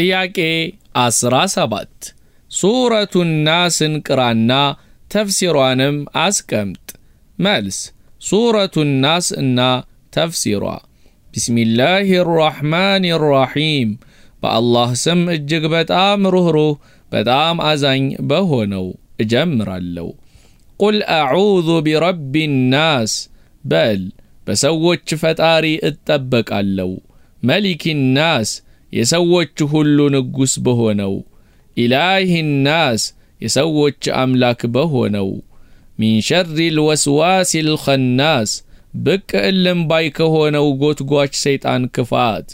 ጥያቄ 17 ሱረቱን ናስን ቅራና ተፍሲሯንም አስቀምጥ። መልስ ሱረቱን ናስ እና ተፍሲሯ ቢስሚላህ ራሕማን ራሒም በአላህ ስም እጅግ በጣም ሩኅሩህ በጣም አዛኝ በሆነው እጀምራለሁ። ቁል አዑዙ ቢረቢ ናስ በል በሰዎች ፈጣሪ እጠበቃለሁ። መሊኪ ናስ የሰዎች ሁሉ ንጉሥ በሆነው ኢላሂናስ የሰዎች አምላክ በሆነው ሚን ሸር ልወስዋስ ልኸናስ ብቅ እልም ባይ ከሆነው ጎትጓች ሰይጣን ክፋት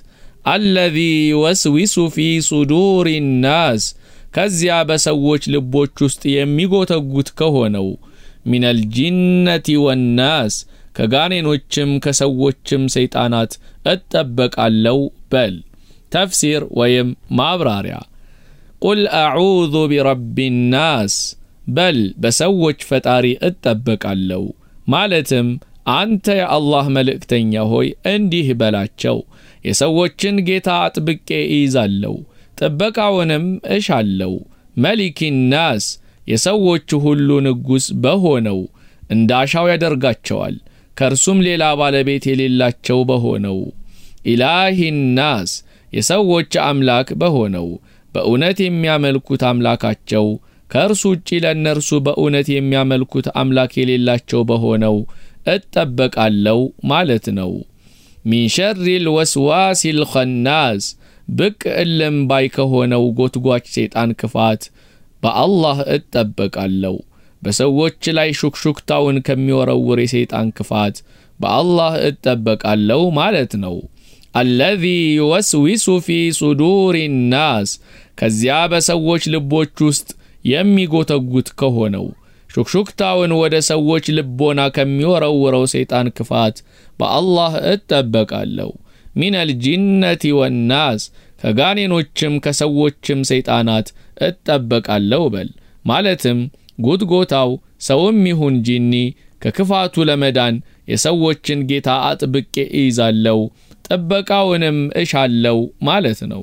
አለዚ ወስዊሱ ፊ ሱዱር ናስ ከዚያ በሰዎች ልቦች ውስጥ የሚጎተጉት ከሆነው ሚን ጂነቲ ወናስ ከጋኔኖችም ከሰዎችም ሰይጣናት እጠበቃለው በል። ተፍሲር ወይም ማብራሪያ ቁል አዑዙ ቢረቢ ናስ በል በሰዎች ፈጣሪ እጠበቃለሁ ማለትም አንተ የአላህ መልእክተኛ ሆይ እንዲህ በላቸው የሰዎችን ጌታ አጥብቄ እይዛለሁ ጥበቃውንም እሻለሁ መሊኪ ናስ የሰዎች ሁሉ ንጉሥ በሆነው እንዳሻው ያደርጋቸዋል ከእርሱም ሌላ ባለቤት የሌላቸው በሆነው ኢላሂ ናስ የሰዎች አምላክ በሆነው በእውነት የሚያመልኩት አምላካቸው ከእርሱ ውጪ ለእነርሱ በእውነት የሚያመልኩት አምላክ የሌላቸው በሆነው እጠበቃለው ማለት ነው። ሚን ሸሪ ልወስዋስ ልኸናስ ብቅ እልም ባይ ከሆነው ጎትጓች ሰይጣን ክፋት በአላህ እጠበቃለው። በሰዎች ላይ ሹክሹክታውን ከሚወረውር የሰይጣን ክፋት በአላህ እጠበቃለው ማለት ነው። አለዚ ዩወስዊሱ ፊ ሱዱር ናስ ከዚያ በሰዎች ልቦች ውስጥ የሚጎተጉት ከሆነው ሹክሹክታውን ወደ ሰዎች ልቦና ከሚወረውረው ሰይጣን ክፋት በአላህ እጠበቃለሁ። ሚን ጂነቲ ወናስ ከጋኔኖችም ከሰዎችም ሰይጣናት እጠበቃለሁ በል። ማለትም ጉትጎታው ሰውም ይሁን ጂኒ ከክፋቱ ለመዳን የሰዎችን ጌታ አጥብቄ እይዛለሁ ጥበቃውንም እሻለው ማለት ነው።